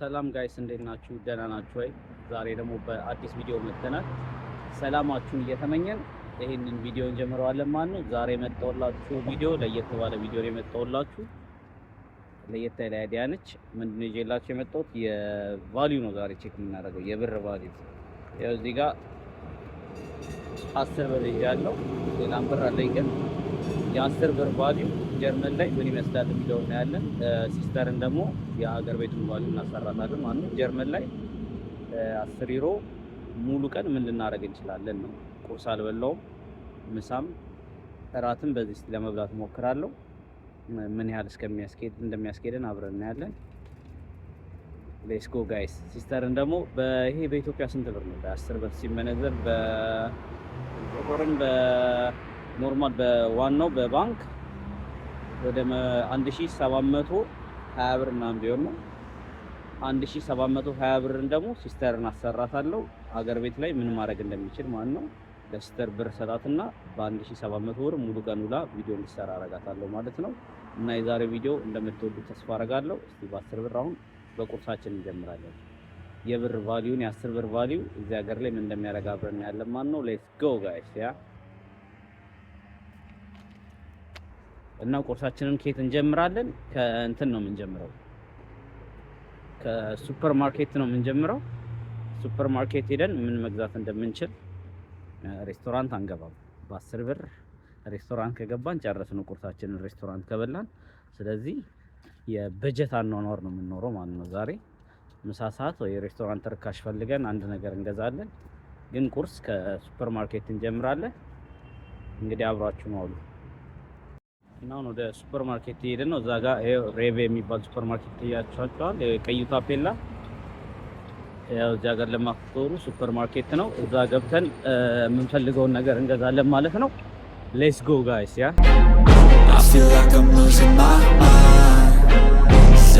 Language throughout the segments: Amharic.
ሰላም ጋይስ እንዴት ናችሁ? ደህና ናችሁ ወይ? ዛሬ ደግሞ በአዲስ ቪዲዮ መጥተናል። ሰላማችሁን እየተመኘን ይህንን ቪዲዮ እንጀምረዋለን ማለት ነው። ዛሬ የመጣሁላችሁ ቪዲዮ ለየት ባለ ቪዲዮ ነው የመጣሁላችሁ። ለየት ያለ አይዲያ ነች። ምንድን ነው ይዤላችሁ የመጣሁት? የቫልዩ ነው ዛሬ ቼክ የምናደርገው የብር ቫልዩ። ያው እዚህ ጋር አስር ብር ይዣለሁ። ሌላም ብር አለኝ ግን የአስር ብር ቫሊዩ ጀርመን ላይ ምን ይመስላል የሚለው እናያለን። ሲስተርን ደግሞ የሀገር ቤቱን ቫሊዩ እናሰራታለን ማለት ነው። ጀርመን ላይ አስር ዩሮ ሙሉ ቀን ምን ልናደርግ እንችላለን ነው። ቁርስ አልበላውም፣ ምሳም እራትም በዚህ ስ ለመብላት ሞክራለሁ። ምን ያህል እስከሚያስኬድ እንደሚያስኬድን አብረን እናያለን። ሌስ ጎ ጋይስ። ሲስተርን ደግሞ ይሄ በኢትዮጵያ ስንት ብር ነው? በአስር ብር ሲመነዘር በጥቁርም በ ኖርማል በዋናው በባንክ ወደ 1720 ብር ምናምን ቢሆን ነው። 1720 ብርን ደግሞ ሲስተርን አሰራታለሁ አገር ቤት ላይ ምን ማድረግ እንደሚችል ማለት ነው። ለሲስተር ብር ሰጣትና በ1700 ብር ሙሉ ቀን ውላ ቪዲዮ እንዲሰራ አረጋታለሁ ማለት ነው። እና የዛሬ ቪዲዮ እንደምትወዱት ተስፋ አረጋለሁ። እስቲ በ10 ብር አሁን በቁርሳችን እንጀምራለን። የብር ቫሊዩን የአስር ብር ቫሊዩ እዚህ ሀገር ላይ ምን እንደሚያደርግ አብረን ያለን ነው። ሌትስ ጎ ጋይስ ያ እና ቁርሳችንን ከየት እንጀምራለን? ከእንትን ነው የምንጀምረው፣ ከሱፐር ማርኬት ነው የምንጀምረው። ሱፐር ማርኬት ሄደን ምን መግዛት እንደምንችል ሬስቶራንት አንገባም። በአስር ብር ሬስቶራንት ከገባን ጨረስን ቁርሳችንን፣ ሬስቶራንት ከበላን። ስለዚህ የበጀት አኗኗር ነው የምንኖረው ማለት ነው። ዛሬ ምሳ ሰዓት ወይ ሬስቶራንት ርካሽ ፈልገን አንድ ነገር እንገዛለን፣ ግን ቁርስ ከሱፐር ማርኬት እንጀምራለን። እንግዲህ አብሯችሁ ነው አሉ። አሁን ወደ ሱፐር ማርኬት እየሄድን ነው። እዛ ጋር ሬቬ የሚባል ሱፐር ማርኬት ታያችኋቸዋል። ቀዩ ታፔላ ያው እዚህ ሀገር ሱፐር ማርኬት ነው። እዛ ገብተን የምንፈልገውን ነገር እንገዛለን ማለት ነው። ሌትስ ጎ ጋይስ ያ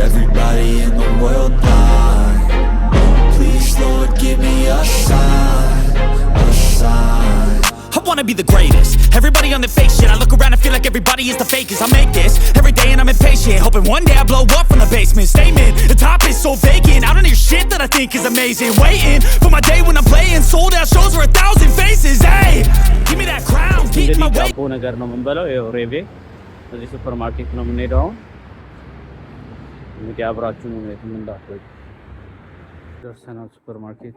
everybody in the world Please Lord, give me a sign. wanna be the greatest Everybody on the fake shit I look around and feel like everybody is the fakest I make this every day and I'm impatient Hoping one day I blow up from the basement Statement, the top is so vacant I don't hear shit that I think is amazing Waiting for my day when I'm playing Sold out shows for a thousand faces Hey, give me that crown Keep my weight እዚህ ሱፐር ማርኬት ነው የምንሄደው አሁን እንግዲህ አብራችሁን ሁኔታ ምን ደርሰናል ሱፐር ማርኬቱ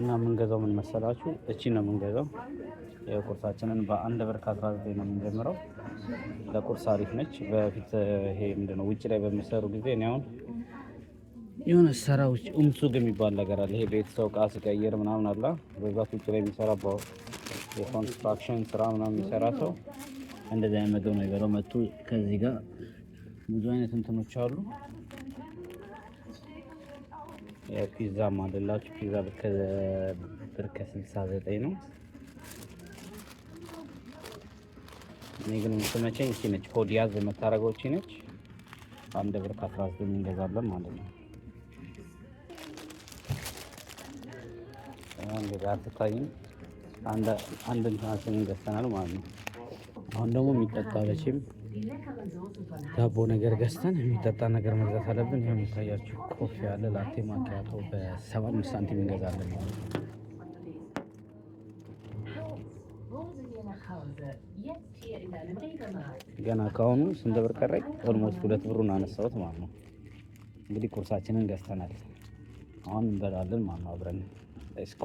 እና የምንገዛው ምን መሰላችሁ? እቺ ነው የምንገዛው። ቁርሳችንን በአንድ ብር ከ19 ነው የምንጀምረው። ለቁርስ አሪፍ ነች። በፊት ይሄ ምንድነው ውጭ ላይ በሚሰሩ ጊዜ እኔ አሁን የሆነ ሰራ ውጭ እምሱግ የሚባል ነገር አለ። ይሄ ቤት ሰው እቃ ሲቀይር ምናምን አላ በብዛት ውጭ ላይ የሚሰራ የኮንስትራክሽን ስራ ምናምን የሚሰራ ሰው እንደዚህ አይነት ምግብ ነው ይበለው መጡ። ከዚህ ጋር ብዙ አይነት እንትኖች አሉ የፒዛ ማለላችሁ ፒዛ ብር ከ69 ነው። እኔ ግን የምትመቸኝ እቺ ነች። ሆድ ያዝ የምታደርገው እቺ ነች። አንድ ብር ከ19 እንገዛለን ማለት ነው። እንደዛ አትታይም። አንድ አንድ ገዝተናል ማለት ነው። አሁን ደግሞ የሚጠጣ ዳቦ ነገር ገዝተን የሚጠጣ ነገር መግዛት አለብን። ይህም የሚታያችሁ ኮፊ ያለ ላቴ ማኪያቶ በሰባ አምስት ሳንቲም እንገዛለን ማለት ነው። ገና ከአሁኑ ስንት ብር ቀረኝ? ኦልሞስት ሁለት ብሩን አነሳሁት ማለት ነው። እንግዲህ ቁርሳችንን ገዝተናል። አሁን እንበላለን ማለት ነው አብረን እስኮ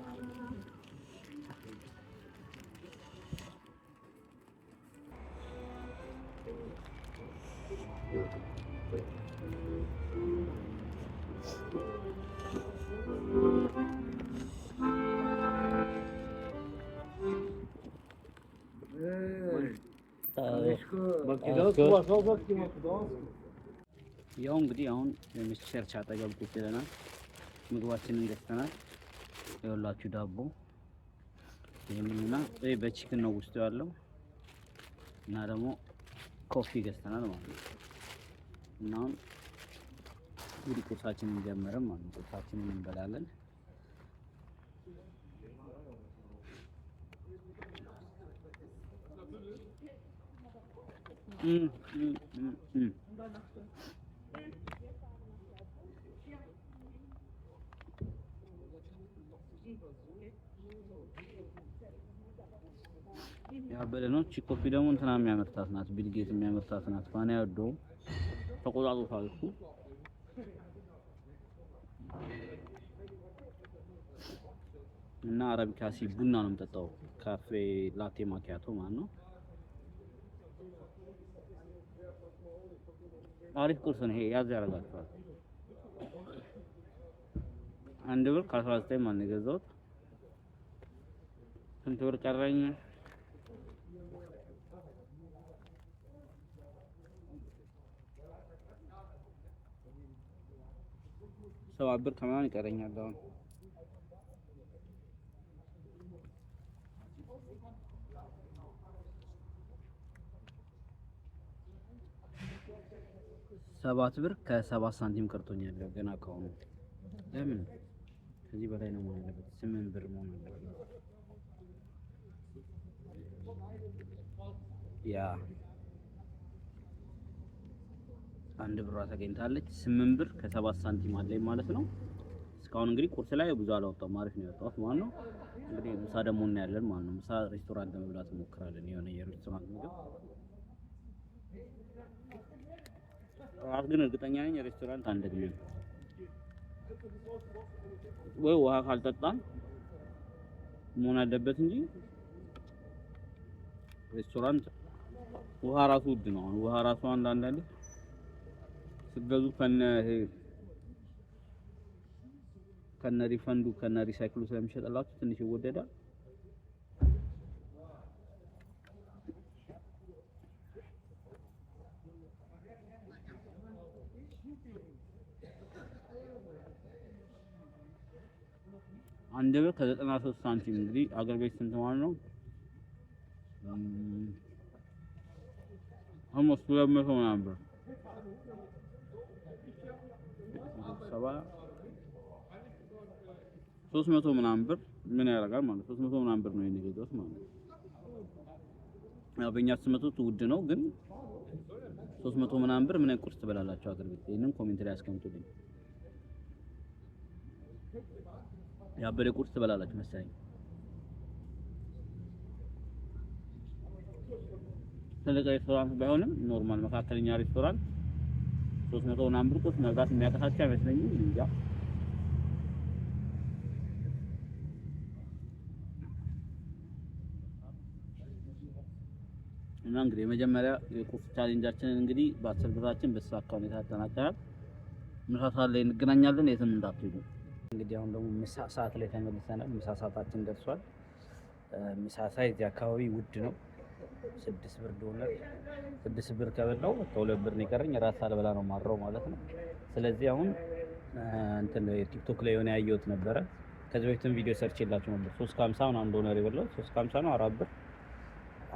ያው እንግዲህ አሁን የምስ ቸርች አጠገብ ቁጭ ብለናል። ምግባችንን ገዝተናል። የወላችሁ ዳቦ ይህምና ጥሬ በቺክን ነው ውስጡ ያለው እና ደግሞ ኮፊ ገዝተናል ማለት ነው። እና አሁን እንግዲህ ቁርሳችንን ጀመረን ማለት ነው። ቁርሳችንን እንበላለን። ያበለ ነው። ቺ ኮፒ ደግሞ እንትና የሚያመርታት ናት፣ ቢልጌት የሚያመርታት ናት። ፋና ያወደው ተቆጣጥቷል እኮ እና አረቢካሲ ቡና ነው የምጠጣው፣ ካፌ ላቴ ማኪያቶ ማለት ነው። आरिफ कुरसन हे याच जागा जातात आणि देवर खासा असते मान्य जात तुमच्यावर तो कारवाई आहे सवाब खाना नहीं करेंगे दाम ሰባት ብር ከሰባት ሳንቲም ቀርቶኛል። ያለው ገና ከሆነ ለምን ከዚህ በላይ ነው መሆን ያለበት፣ ስምንት ብር መሆን አለበት። ያ አንድ ብሯ ተገኝታለች። ስምንት ብር ከሰባት ሳንቲም አለኝ ማለት ነው። እስካሁን እንግዲህ ቁርስ ላይ ብዙ አላወጣሁም፣ አሪፍ ነው ያወጣሁት ማለት ነው። እንግዲህ ምሳ ደግሞ እናያለን ማለት ነው። ምሳ ሬስቶራንት ለመብላት እንሞክራለን፣ የሆነ የሬስቶራንት ምግብ ጠዋት ግን እርግጠኛ ነኝ ሬስቶራንት አንደግምም ወይ ውሃ ካልጠጣም መሆን አለበት እንጂ ሬስቶራንት ውሃ ራሱ ውድ ነው። አሁን ውሃ ራሱ አንዳንድ ስገዙ ከነ ከነ ሪፈንዱ ከነ ሪሳይክሉ ስለሚሸጥላችሁ ትንሽ ይወደዳል። አንድ ብር ከዘጠና ሶስት ሳንቲም እንግዲህ አገር ቤት ስንት ማለት ነው? አሞስ ሁለት መቶ ምናምን ብር ሶስት መቶ ምናምን ብር ምን ያደርጋል ማለት ሶስት መቶ ምናምን ብር ነው የሚገዛት ማለት ነው። ያው በእኛ ስመጡት ውድ ነው ግን ሶስት መቶ ምናምን ብር ምን ቁርስ ትበላላችሁ አገር ቤት? ይሄንን ኮሜንት ላይ አስቀምጡልኝ። ያበደ ቁርስ ትበላላችሁ መሰለኝ። ትልቅ ሬስቶራንት ባይሆንም ኖርማል መካከለኛ ሬስቶራንት ሶስት መቶ ምናምን ብር ቁርስ መብላት የሚያቀሳቸው አይመስለኝም። እንጃ እና እንግዲህ የመጀመሪያ የቁርስ ቻሌንጃችንን እንግዲህ በአስር ብራችን በተሳካ ሁኔታ አጠናቀናል። ምሳ ሰዓት ላይ እንገናኛለን። የትም እንዳትሄዱ። እንግዲህ አሁን ደግሞ ምሳ ሰዓት ላይ ተመልሰናል። ምሳ ሰዓታችን ደርሷል። ምሳ እዚህ አካባቢ ውድ ነው። ስድስት ብር ዶነር ስድስት ብር ከበላው ከሁለት ብር ነው የቀረኝ። ራት ነው ማድረው ማለት ነው። ስለዚህ አሁን እንትን ቲክቶክ ላይ የሆነ ያየሁት ነበረ። ከዚህ በፊትም ቪዲዮ ሰርች የላቸው ነበር። ሶስት ከሀምሳ ምናምን ዶነር የበላሁት ሶስት ከሀምሳ ነው። አራት ብር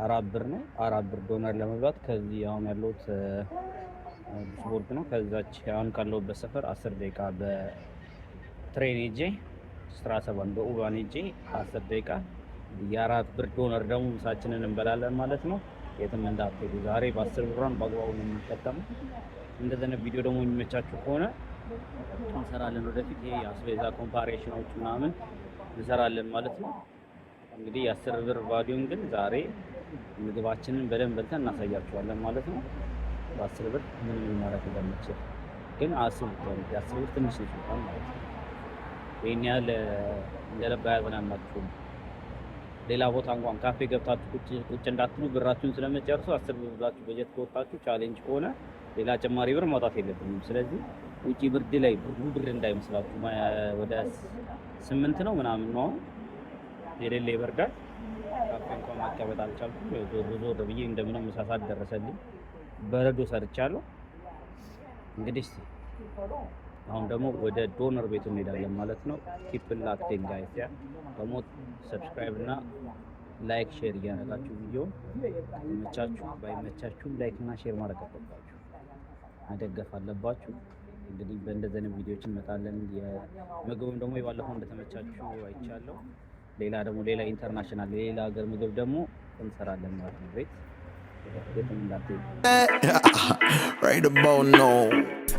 አራት ብር ነው። አራት ብር ዶነር ለመብላት ከዚህ አሁን ያለሁት ዱስቦርግ ነው። ከዛች አሁን ካለሁበት ሰፈር አስር ደቂቃ በ ትሬን ሄጄ ስራ ሰባን በኡባን ሄጄ አስር ደቂቃ የአራት ብር ዶነር ደግሞ ምሳችንን እንበላለን ማለት ነው። የትም እንዳትሄዱ። ዛሬ በአስር ብሯን በአግባቡ ነው የምንጠቀመው። እንደዚህ ቪዲዮ ደግሞ የሚመቻችሁ ከሆነ እንሰራለን ወደፊት። ይሄ የአስቤዛ ኮምፓሬሽኖች ምናምን እንሰራለን ማለት ነው። እንግዲህ የአስር ብር ቫሊዩን ግን ዛሬ ምግባችንን በደንብ በልተን እናሳያችኋለን ማለት ነው። በአስር ብር ምንም ምን ማድረግ እንደምችል ግን አስቡት። የአስር ብር ትንሽ ነው ማለት ነው። ይህን ያህል እንደለባ ያዘን ሌላ ቦታ እንኳን ካፌ ገብታችሁ ቁጭ እንዳትሉ ብራችሁን ስለመጨርሱ አስር ብር ብላችሁ በጀት ከወጣችሁ ቻሌንጅ ከሆነ ሌላ ጭማሪ ብር ማውጣት የለብንም። ስለዚህ ውጪ ብርድ ላይ ብርዱ ብር እንዳይመስላችሁ። ወደ ስምንት ነው ምናምን ነው የሌለ ይበርዳል። ካፌ እንኳን ማቀበጥ አልቻልኩም። ዞር ዞር ብዬ እንደምንም ምሳ ደረሰልኝ። በረዶ ሰርቻለሁ እንግዲህ አሁን ደግሞ ወደ ዶነር ቤት እንሄዳለን ማለት ነው። ኪፕ ላክቲንግ ጋይስ ደግሞ ሰብስክራይብ እና ላይክ ሼር እያደረጋችሁ ቪዲዮ መቻችሁ ባይመቻችሁ ላይክ እና ሼር ማድረግ አለባችሁ፣ መደገፍ አለባችሁ። እንግዲህ በእንደዘነ አይነት ቪዲዮዎች እንመጣለን። የምግብም ደግሞ የባለፈው እንደተመቻችሁ አይቻለሁ። ሌላ ደግሞ ሌላ ኢንተርናሽናል ሌላ ሀገር ምግብ ደግሞ እንሰራለን ማለት ነው ቤት right about no.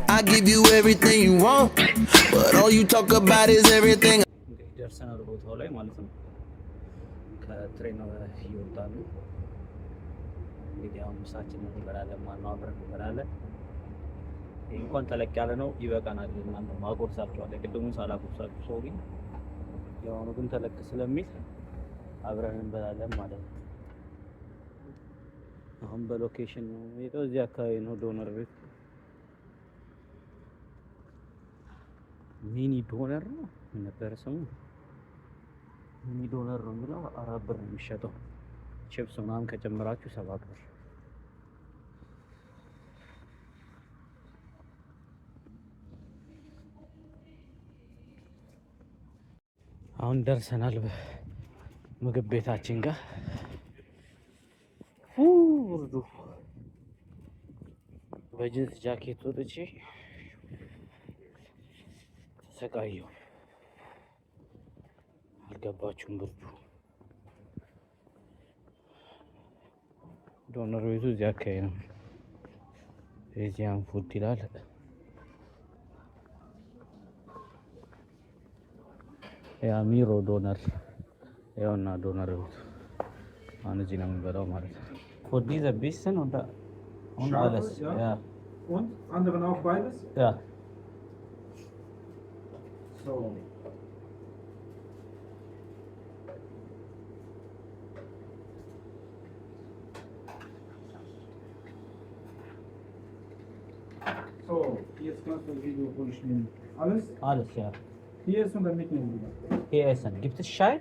I give you everything you want, but all you talk about is everything. ደርሰናል ቦታው ላይ ማለት ነው። ከትሬን ይወጣሉ። እንግዲህ አሁን ምሳችንን እንበላለን። ማነው አብረን እንበላለን። እንኳን ተለቅ ያለ ነው ይበቃናል። ማነው አጎርሳችኋለሁ። ቅድሙን ሳላጎርሳችሁ ሰው ግን ግን ተለቅ ስለሚል አብረን እንበላለን ማለት ነው። አሁን በሎኬሽን ነው የምንሄደው። እዚህ አካባቢ ነው ዶነር ቤት። ሚኒ ዶነር ነው ምን ነበረ ስሙ? ሚኒ ዶነር ነው የሚለው። አራት ብር ነው የሚሸጠው። ቺፕስ ምናምን ከጨመራችሁ ሰባት ብር። አሁን ደርሰናል ምግብ ቤታችን ጋር ብርዱ በጅንስ ጃኬት ወጥቼ ተሰቃየሁ። አልገባችሁም ብርዱ። ዶነር ቤቱ እዚህ አካባቢ ነው። ኤዚያን ፉድ ይላል። የአሚሮ ዶነር ይኸውና፣ ዶነር ቤቱ አሁን እዚህ ነው የምንበላው ማለት ነው። Vor dieser bisschen und, und Scharfe, alles. Ja. ja. Und anderen auch beides? Ja. So. So, jetzt kannst du das Video durchnehmen. Alles? Alles, ja. Hier essen und dann mitnehmen wieder. Hier essen. Gibt es Schei?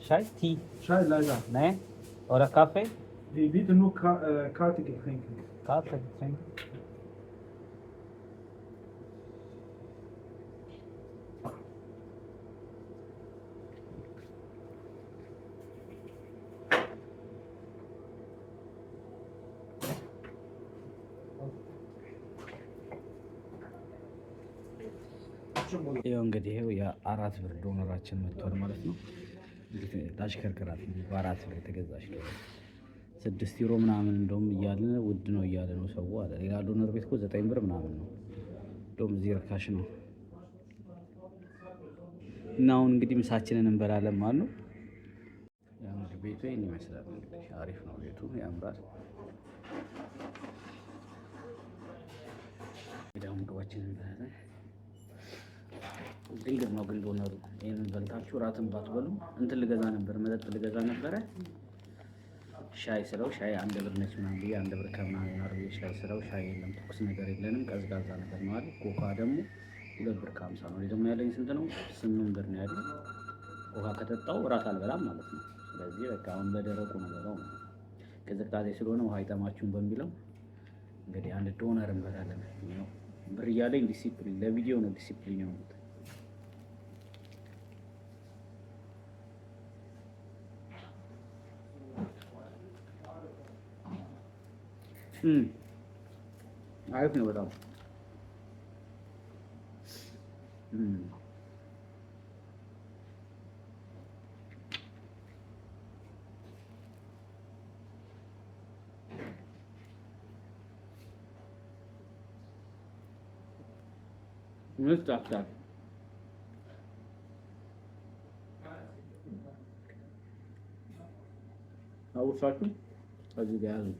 Schei? Tee? Schei leider. Nein? Oder Kaffee? Die bitte nur ka äh, kalte Getränke. Kalte Getränke? ይኸው እንግዲህ ይኸው የአራት ብር ዶነራችን መጥቷል ማለት ነው። እንግዲህ ታሽከርክራት በአራት ብር የተገዛች ዶነር ስድስት ዩሮ ምናምን እንደውም እያለ ውድ ነው እያለ ነው ሰው አለ። ሌላ ዶነር ቤት እኮ ዘጠኝ ብር ምናምን ነው እንደውም እዚህ ርካሽ ነው። እና አሁን እንግዲህ ምሳችንን እንበላለን ማለት ነው። ቤቱ ይህን ይመስላል። እንግዲህ አሪፍ ነው ቤቱ ያምራል። ሌላው ምግባችን እንበላለን። ድንግል ነው ግን ዶነሩ ይህንን በልታችሁ ራትን ባትበሉም እንትን ልገዛ ነበር መጠጥ ልገዛ ነበረ ሻይ ስለው ሻይ አንድ ብር ነች ምናምን ብዬ አንድ ብር ከምናምን አድርጌ ሻይ ስለው ሻይ የለም፣ ትኩስ ነገር የለንም፣ ቀዝቃዛ ነገር ነው አለ። ኮካ ደግሞ ሁለት ብር ከሀምሳ ነው። ደግሞ ያለኝ ስንት ነው? ስምንት ብር ነው ያለኝ። ውሃ ከጠጣው እራት አልበላም ማለት ነው። ስለዚህ በቃ አሁን በደረቁ ነው በለው ነው ቅዝቃዜ ስለሆነ ውሃ አይጠማችሁም በሚለው እንግዲህ አንድ ዶነር እንበላለን። ብር እያለኝ ዲሲፕሊን ለቪዲዮ ነው ዲሲፕሊን ነው Hm. Helfen oder? Hm. Müsste das. Ausschalten? Also gerne.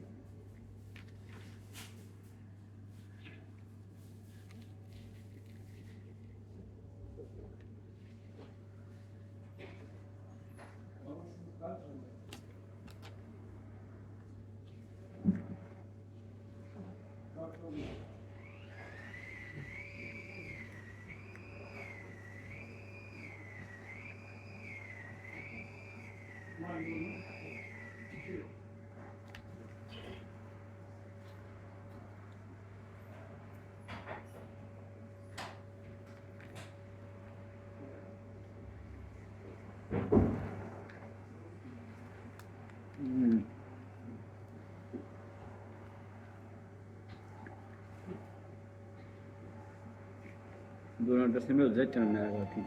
दोनों दस में जज चलना है बाकी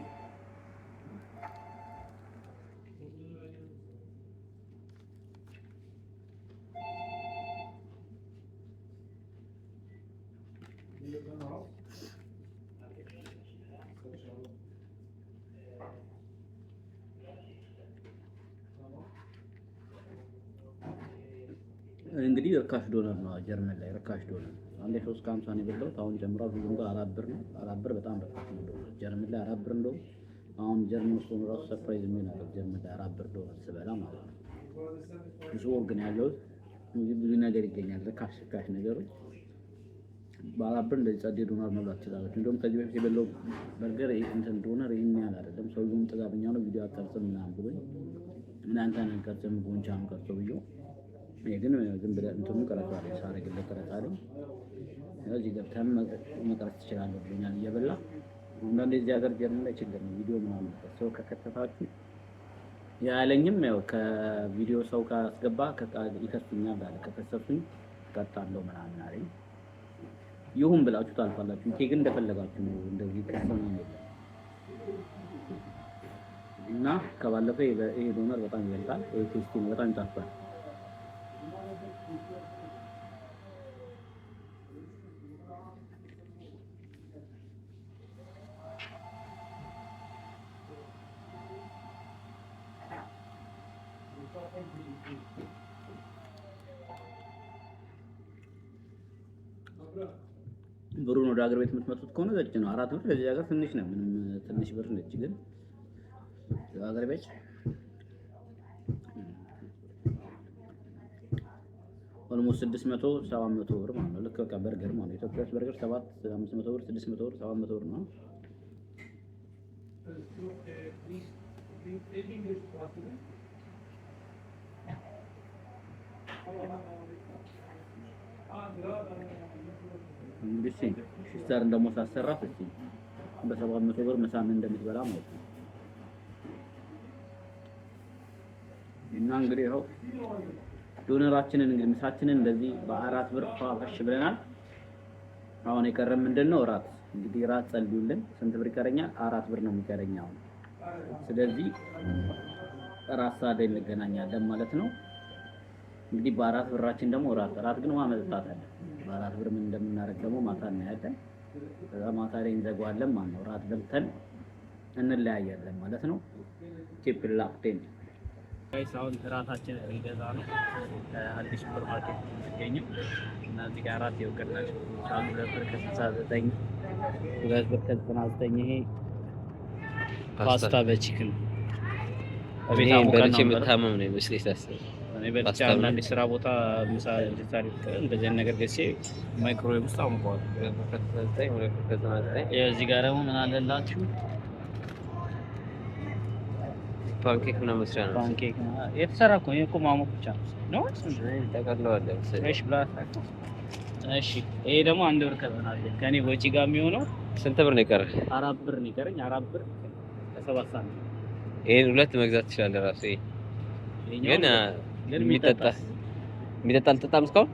ዶላር ነው ጀርመን ላይ ርካሽ ዶላር አንዴ ሶስት ከሀምሳ ነው የበላሁት። አሁን ጀምራ ብዙ ጋር አራት ብር ነው። አራት ብር በጣም ርካሽ ነው ዶላር ጀርመን ላይ አራት ብር እንደውም አሁን ጀርመን ውስጥ ሆኖ ራሱ ሰርፕራይዝ የሚሆን አለ ጀርመን ላይ አራት ብር ዶላር ስበላ ማለት ነው። ብዙ ወግን ያለሁት ብዙ ነገር ይገኛል ርካሽ ርካሽ ነገሮች በአራት ብር እንደዚህ ጸዴ ዶናር መብላት ትችላለች። እንዲሁም ከዚህ በፊት የበለው በርገር እንትን ዶናር ይህን ያህል አይደለም። ሰውየውም ጥጋብኛ ነው። ቪዲዮ አቀርጽም ምናምን ብሎኝ ምን አንተ ነህ ቀርጽም ጎንቻም ቀርጾ ብዬው እኔ ግን ዝም ብለህ እንትኑ ቀረጻ ሳረግልህ ቀረጻ አለኝ። እዚህ ገብተህም መቅረጽ ትችላለህ ብሎኛል። እየበላ አንዳንዴ እዚህ ሀገር ጀርመን ላይ ችግር ነው። ቪዲዮ ምናምን ሰው ከከተታችሁ ያለኝም ያው ከቪዲዮ ሰው ካስገባ ይከሱኛል ባለ ከከሰሱኝ ቀጣለሁ ምናምን አለኝ። ይሁን ብላችሁ ታልፋላችሁ። ይሄ ግን እንደፈለጋችሁ ነው። እንደዚህ ከሰማ እና ከባለፈው ይሄ ዶነር በጣም ይበልጣል። ይሄ ቴስቲ በጣም ይጣፍጣል። ብሩን ወደ ሀገር ቤት የምትመጡት ከሆነ ዘጭ ነው። አራት ብር ለዚህ ሀገር ትንሽ ነው። ምንም ትንሽ ብር ነች፣ ግን ሀገር ቤት ኦልሞስት ስድስት መቶ ሰባት መቶ ብር ማለት ነው። ልክ በቃ በርገር ማለት ነው። ኢትዮጵያ ውስጥ በርገር ሰባት አምስት መቶ ብር ስድስት መቶ ብር ሰባት መቶ ብር ነው። እሺ ሲስተርን ደግሞ ሳሰራት እሺ በሰባት መቶ ብር ምሳምን እንደምትበላ ማለት ነው። እና እንግዲህ ይኸው ዶነራችንን እንግዲህ ምሳችንን እንደዚህ በአራት ብር ፋፋሽ ብለናል። አሁን የቀረን ምንድን ነው? እራት እንግዲህ እራት ጸልዩልን። ስንት ብር ይቀረኛል? አራት ብር ነው የሚቀረኝ አሁን። ስለዚህ እራት ሰዓት እንገናኛለን ማለት ነው። እንግዲህ በአራት ብራችን ደግሞ እራት እራት ግን ውሃ መጠጣት አለ። በአራት ብር ምን እንደምናደርግ ደግሞ ማታ እናያለን። ከዛ ማታ ላይ እንዘጋዋለን ማለት ነው። እራት በልተን እንለያያለን ማለት ነው። ላፕቴን ጋይስ አሁን እራታችን ሊገዛ ነው። አዲስ ሱፐር ማርኬት የምትገኘው እና እዚህ ጋር አራት የውቅር ናቸው አሉ ሁለት ብር ከስልሳ ዘጠኝ ሁለት ብር ከዘጠና ዘጠኝ ይሄ ፓስታ በቺክን ቤት በልቼ የምታመም ነው ይመስለኝ ታስበው እኔ በልቼ አንዳንድ ስራ ቦታ ምሳ ታሪክ እንደዚህ ነገር ገሴ ማይክሮዌቭ ውስጥ አሙቀዋል። እዚህ ጋር ደግሞ ምን አለላችሁ? ፓንኬክ ምናምን መስሪያ ነው። ፓንኬክ ነው የተሰራ እኮ ይሄ እኮ ማሞቅ ብቻ ነው። እሺ ይሄ ደግሞ አንድ ብር ከበናል ከኔ ወጪ ጋር የሚሆነው ስንት ብር ነው የቀረህ? አራት ብር ነው የቀረኝ። አራት ብር ከሰባት ሳንቲም። ይሄን ሁለት መግዛት ትችላለህ ራስህ ግን የሚጠጣ አልጠጣም እስካሁን።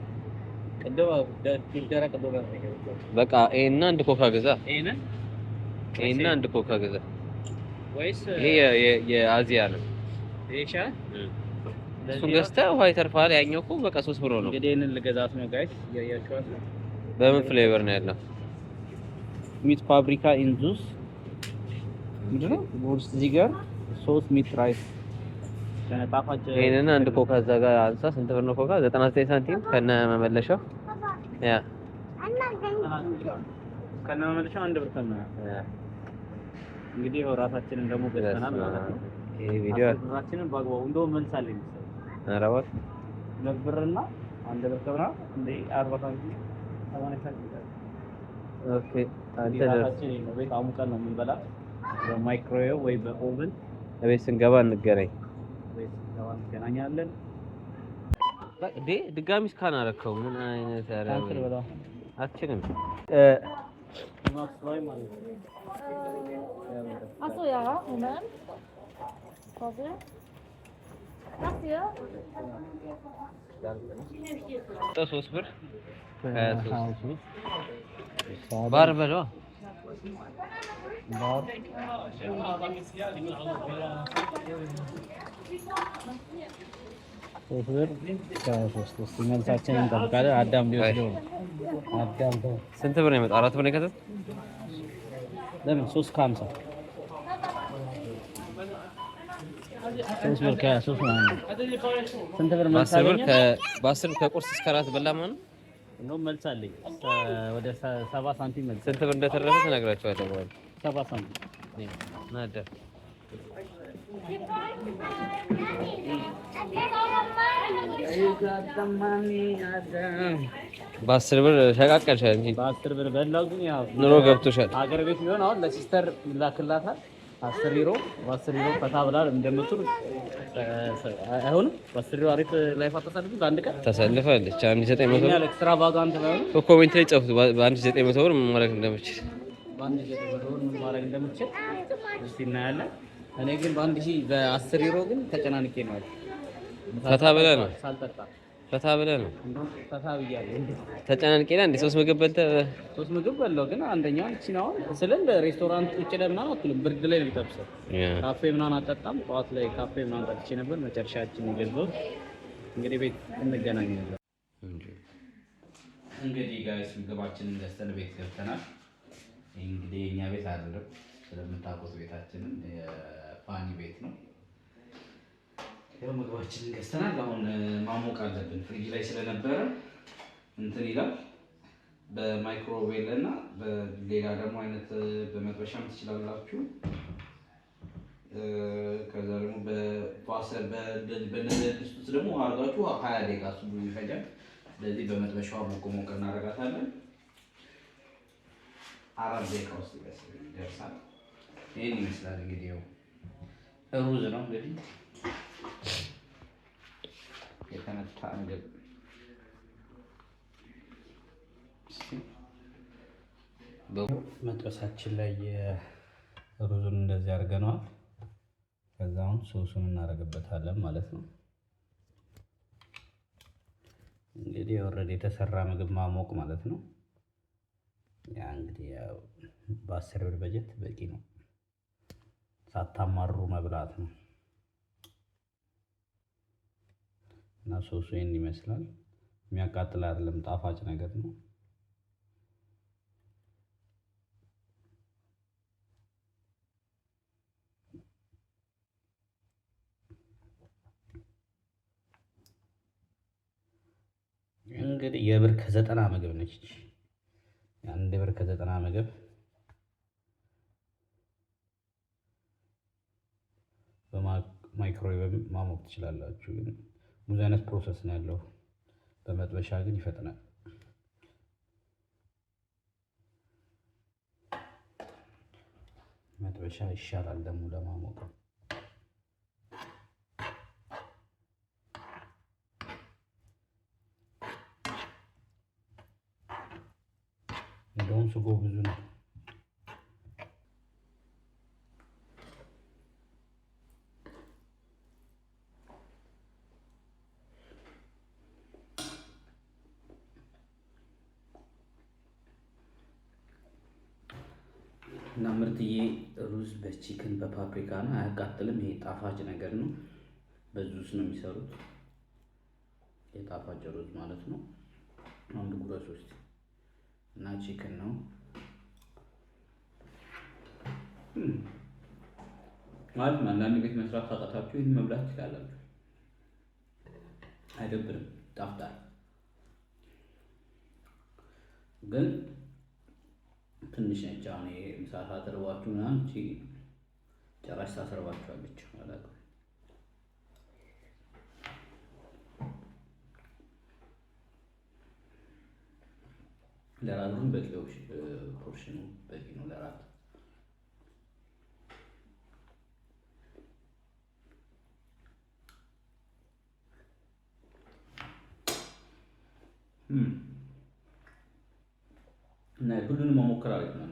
በቃ ይሄና አንድ ኮካ ገዛ። ይሄና አንድ ኮካ ገዛ። ይሄ የአዚያ ነው። እሱን ገዝተህ ውሃ ይተርፋል። ያኛው እኮ በቃ ሶስት ብሎ ነው። በምን ፍሌቨር ነው ያለው? ሚት ፋብሪካ ኢንዙስ ምንድን ነው? እዚህ ሶስት ሚት ራይስ ይሄንን አንድ ኮካ እዛ ጋር አንሳ። ስንት ብር ነው ኮካ? 99 ሳንቲም ከነ መመለሻው። ያ ከነ መመለሻው አንድ ብር ከነ እንግዲህ ራሳችንን ደግሞ ገዝተናል ማለት ነው። ይሄ ቪዲዮ ራሳችንን በአግባቡ አንድ ብር ኦኬ። አንተ ቤት ነው የምንበላት በማይክሮዌቭ ወይ በኦቨን። ቤት ስንገባ እንገናኝ። እንገናኛለን። ድጋሚ እስካን አረከው ምን አይነት አችንም ሶስት ብር ባር በለዋ نار ሶፍር ከሶስት መልሳችን እንጠብቃለን። አዳም ሊወስደው ነው። አዳም ስንት ብር ነው የመጣው? አራት ብር ለምን ሶስት ከሀምሳ ሶስት ብር ከሀያ ሶስት ነው። ስንት ብር ከቁርስ እስከ በላ ማለት ነው እንደውም መልስ አለኝ። ወደ ሰባ ሳንቲም መልስ። ስንት ብር እንደተረፈ ትነግራቸዋለህ በኋላ። ሰባ ሳንቲም በአስር ብር ሸቃቀልሻል እንጂ በአስር ብር በላው። ግን ያው ኑሮ ገብቶሻል። ሀገር ቤት ቢሆን አሁን ለሲስተር ላክላታል አስር ዩሮ በአስር ዩሮ ፈታ ብላ እንደምትሉ አይሆንም። በአስር ዩሮ አሪፍ ላይፍ አታሳልፍም። በአንድ ቀን ተሰልፋለች። አንድ ዘጠኝ መቶ ብር ኤክስትራ ባጋ አንተ ነው። ኮሜንት ላይ ጻፉት። በአንድ ዘጠኝ መቶ ብር ምን ማድረግ እንደምችል፣ በአንድ ዘጠኝ መቶ ብር ምን ማድረግ እንደምችል እስቲ እናያለን። እኔ ግን በአንድ ሺህ በአስር ዩሮ ግን ተጨናንቄ ነው። ፈታ ብላ ነው ሳልጠጣ ፈታ ብለህ ነው? ፈታ ብያለሁ። ተጨናንቄ ላይ እንደ ሶስት ምግብ በልተህ ሶስት ምግብ በላሁ። ግን አንደኛው እቺን አሁን ስለ ሬስቶራንት ውጭ ለምና ነው አትልም፣ ብርድ ላይ ነው የምጠብሰው። ካፌ ምናምን አጠጣም። ጠዋት ላይ ካፌ ምናምን ጠጥቼ ነበር። መጨረሻችን ይገልጸው። እንግዲህ ቤት እንገናኛለን። እንግዲህ ጋይስ ምግባችንን ገዝተን ቤት ገብተናል። እንግዲህ የኛ ቤት አይደለም ስለምታውቁት ቤታችንን የፋኒ ቤት ነው። ያው ምግባችንን ገዝተናል። አሁን ማሞቅ አለብን። ፍሪጅ ላይ ስለነበረ እንትን ይላል። በማይክሮዌል እና በሌላ ደግሞ አይነት በመጥበሻም ትችላላችሁ። ከዛ ደግሞ በፓሰር በነዚህ ውስጥ ደግሞ አርጋችሁ ሀያ ደቂቃ እሱ ብዙ ይፈጃል። ስለዚህ በመጥበሻዋ ሞቅ ሞቅ እናደርጋታለን። አራት ደቂቃ ውስጥ ይደርሳል። ይህን ይመስላል እንግዲህ ያው ሩዝ ነው እንግዲህ የተመታ ምግብ መጥበሳችን ላይ ሩዙን እንደዚህ አድርገነዋል። ከዛውን ሶሱን እናደርግበታለን ማለት ነው። እንግዲህ የተሰራ ምግብ ማሞቅ ማለት ነው። ያ እንግዲህ በአስር ብር በጀት በቂ ነው። ሳታማሩ መብላት ነው። እና ሶሱ ይህን ይመስላል። የሚያቃጥል አይደለም፣ ጣፋጭ ነገር ነው። እንግዲህ የብር ከዘጠና ምግብ ነች። አንድ ብር ከዘጠና ምግብ በማይክሮዌቭ ማሞቅ ትችላላችሁ ግን ብዙ አይነት ፕሮሰስ ነው ያለው። በመጥበሻ ግን ይፈጥናል። መጥበሻ ይሻላል ደግሞ ለማሞቅ። እንደውም ስጎ ብዙ ነው። ቺክን በፓፕሪካ ነው። አያቃጥልም። ይሄ ጣፋጭ ነገር ነው። በዙስ ነው የሚሰሩት። የጣፋጭ ሩዝ ማለት ነው። አንድ ጉረስ ውስጥ እና ቺክን ነው። ማለት አንዳንድ ቤት መስራት ታጣታችሁ ይህን መብላት ትችላላችሁ። አይደብርም፣ ጣፍጣል ግን ትንሽ ነች። አሁን ምሳ ሰዓት ምናምን ጭራሽ ታሰርባችኋለች ማለት ነው። ለራቱን በቂ ፖርሽኑ በቂ ነው ለራት እና ሁሉንም መሞከር አሪፍ ነው።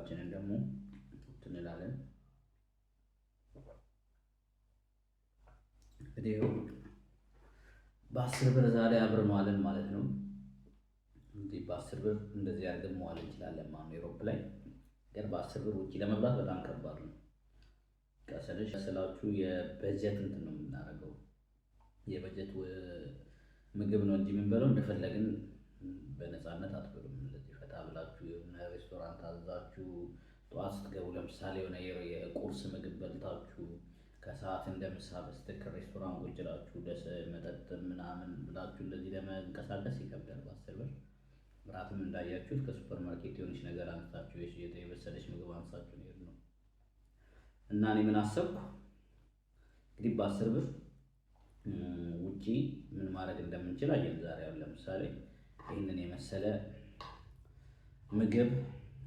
ቁጥራችንን ደግሞ እንላለን። እንግዲህ በአስር ብር ዛሬ አብር መዋልን ማለት ነው። እንግዲህ በአስር ብር እንደዚህ አድርገን መዋል እንችላለን ማ ነው። ኤሮፕ ላይ ግን በአስር ብር ውጭ ለመብላት በጣም ከባድ ነው። ቀሰለሽ ስላችሁ የበጀት እንትን ነው የምናደርገው የበጀት ምግብ ነው እንጂ የምንበለው እንደፈለግን በነፃነት አትበሉም። ጠጣ ብላችሁ የሆነ ሬስቶራንት አዛችሁ ጠዋት ስትገቡ ለምሳሌ የሆነ የቁርስ ምግብ በልታችሁ ከሰዓት እንደ ምሳ በስትክ ሬስቶራንት ቁጭ ደስ መጠጥ ምናምን ብላችሁ እንደዚህ ለመንቀሳቀስ ይከብዳል። በአስር ብር እራትም እንዳያችሁት ከሱፐር ማርኬት የሆነች ነገር አንስታችሁ የበሰለች ምግብ አንስታችሁ ነው የሄድነው እና እኔ ምን አሰብኩ እንግዲህ በአስር ብር ውጪ ምን ማድረግ እንደምንችል አየን ዛሬ። ለምሳሌ ይህንን የመሰለ ምግብ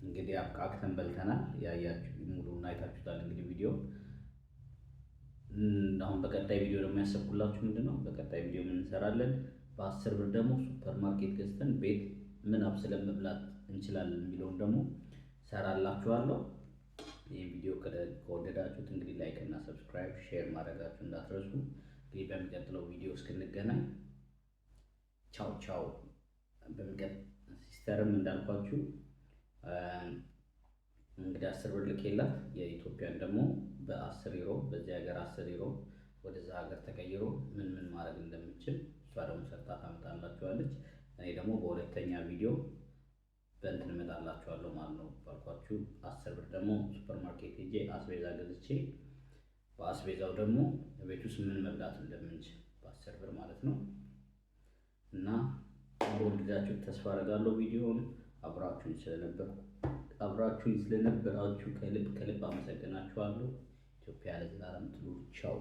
እንግዲህ አብቃቅተን በልተናል። ያያችሁ ሙሉውን አይታችሁታል። እንግዲህ ቪዲዮ አሁን በቀጣይ ቪዲዮ ደግሞ ያሰብኩላችሁ ምንድን ነው፣ በቀጣይ ቪዲዮ ምን እንሰራለን፣ በአስር ብር ደግሞ ሱፐር ማርኬት ገዝተን ቤት ምን አብስለን መብላት እንችላለን የሚለውን ደግሞ ሰራላችኋለሁ። ይህ ቪዲዮ ከወደዳችሁት እንግዲህ ላይክ እና ሰብስክራይብ ሼር ማድረጋችሁ እንዳትረሱ። እንግዲህ በሚቀጥለው ቪዲዮ እስክንገናኝ ቻው ቻው። ሲስተርም እንዳልኳችሁ እንግዲህ አስር ብር ልኬላት የኢትዮጵያን ደግሞ በአስር ዩሮ በዚህ ሀገር አስር ዩሮ ወደዛ ሀገር ተቀይሮ ምን ምን ማድረግ እንደምችል እሷ ደግሞ ሰርታ ታመጣላችኋለች። እኔ ደግሞ በሁለተኛ ቪዲዮ በእንትን እመጣላችኋለሁ ማለት ነው። ባልኳችሁ አስር ብር ደግሞ ሱፐር ማርኬት ሄጄ አስቤዛ ገዝቼ በአስቤዛው ደግሞ ቤት ውስጥ ምን መብላት እንደምንችል በአስር ብር ማለት ነው እና እንደወደዳችሁ ተስፋ አደርጋለሁ። ቪዲዮውን አብራችሁኝ ስለነበር አብራችሁኝ ስለነበራችሁ ከልብ ከልብ አመሰግናችኋለሁ። ኢትዮጵያ ለዘላለም ትኑር። ቻው